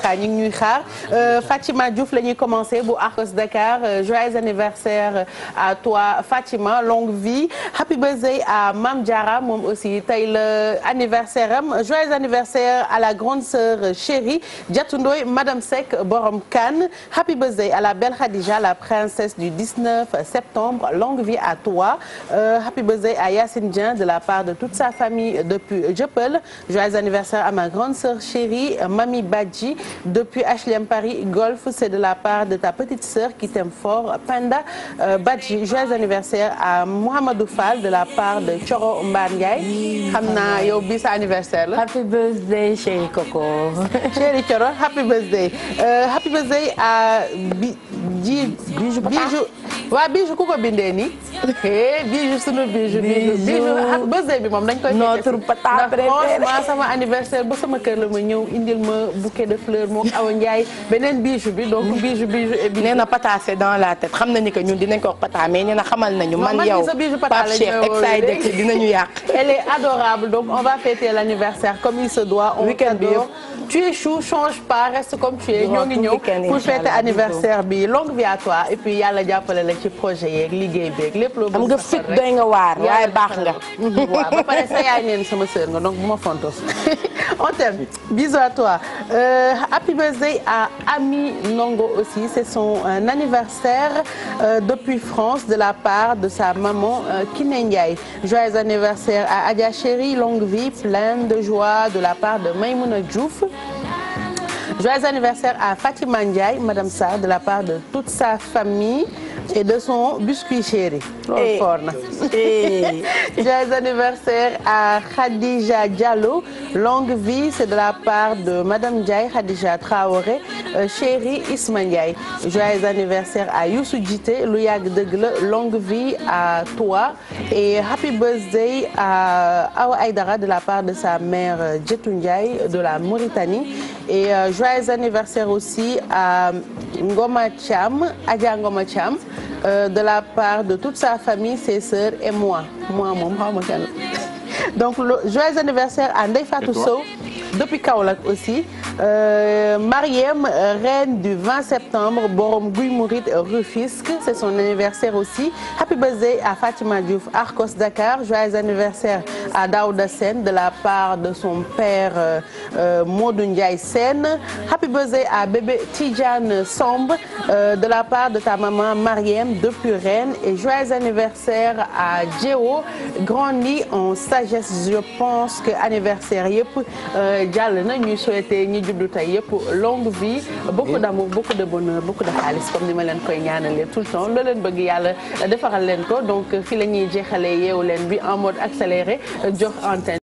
Ka ñu ngi ñuy xaar euh, la ñuy commencer bu Arcos Dakar euh, joyeux anniversaire à toi Fatima longue vie happy birthday à Mame Diarra moom aussi tey la anniversaire am joyeux anniversaire à la grande sœur chérie Diatou Ndoye Madame Seck Borom Kane happy birthday à la belle Khadija la princesse du 19 septembre longue vie à toi euh, happy birthday à Yacine Dieng de la part de toute sa famille depuis Dieuppeul joyeux Paris. Depuis HLM Paris Golf, c'est de la part de ta petite sœur qui t'aime fort, Panda euh, Badji. anniversaire à Mohamedou Fall de la part de Thioro Mbane Ndiaye. xam yow bii sa anniversaire la. happy birthday chéri Coco. chéri happy birthday. Euh, happy birthday à Bi Bijou. Bijou waaw bijou ku ko bindee nii. Eh, bijou sunu bijou. bijou bijou ak ah, bësee bi moom dañ koy. notre pata préféré ndax sama anniversaire ba sama kër la ma ñëw indil ma bouquet de fleurs a Awa Ndiaye beneen bijou bi donc bijou bijou et bijou. nee na pata c'est dans la tête xam nañu que ñun dinañ ko wax pata mais nee na xamal nañu. man yow Pape Cheikh excited dinañu yàq. elle est adorable donc on va fêter l'anniversaire comme il se doit. on t'adore tu es chou change pas reste comme tu es. ñoo ngi ñëw pour fêter anniversaire bi longue vie à toi et yàlla jàppale la jàppale ci projet yeeg liggéey beeg lépp loo. am nga fit ba pare nga donc bu ma à toi euh, à Ami Nongo aussi c'est son euh, anniversaire euh, depuis France de la part de sa maman euh, Kiné Ndiaye joyeux anniversaire à Adia longue vie pleine de joie de la part de Maïmouna Diouf joyeux anniversaire à Fatima Ndiaye Madame Sarr de la part de toute sa famille et de son biscuit chéri. longue vie c'est de la part de madame Ndiaye Khadija Traoré euh, chéri Isma Ndiaye. joyeux anniversaire à Youssou Djité lu yàgg dëgg la longue vie à toi et happy birthday à Awa de la part de sa mère euh, Djetou Ndiaye de la Mauritanie et euh, joyeux anniversaire aussi à Ngoma Thiam Adja Ngoma Thiam euh, de la part de toute sa famille ses sœurs et moi moi moom xaw ma kan la donc joyeux anniversaire à Ndeye Fatou Sow depuis Kaolack aussi Euh, Mariem reine du septembre borom guy Mouride Rufisque c'est son anniversaire aussi happy birthday à Fatima Diouf Arcos Dakar joyeux anniversaire à Daouda Sène de la part de son père euh, euh, Modou Ndiaye Sène happy birthday à bébé Tidiane Samb de la part de ta maman Mariem depuis Rennes et joyeux anniversaire à Diéwo grandi en sagesse je pense que anniversaire yëpp jàll na souhaiter jublu tey yëpp longue vie beaucoup de bonheur beaucoup de xaalis comme ni ma leen koy tout le temps loo leen bëgg yàlla defaral leen donc fi la ñuy jeexalee yeewu leen bi en mode accéléré jox antenne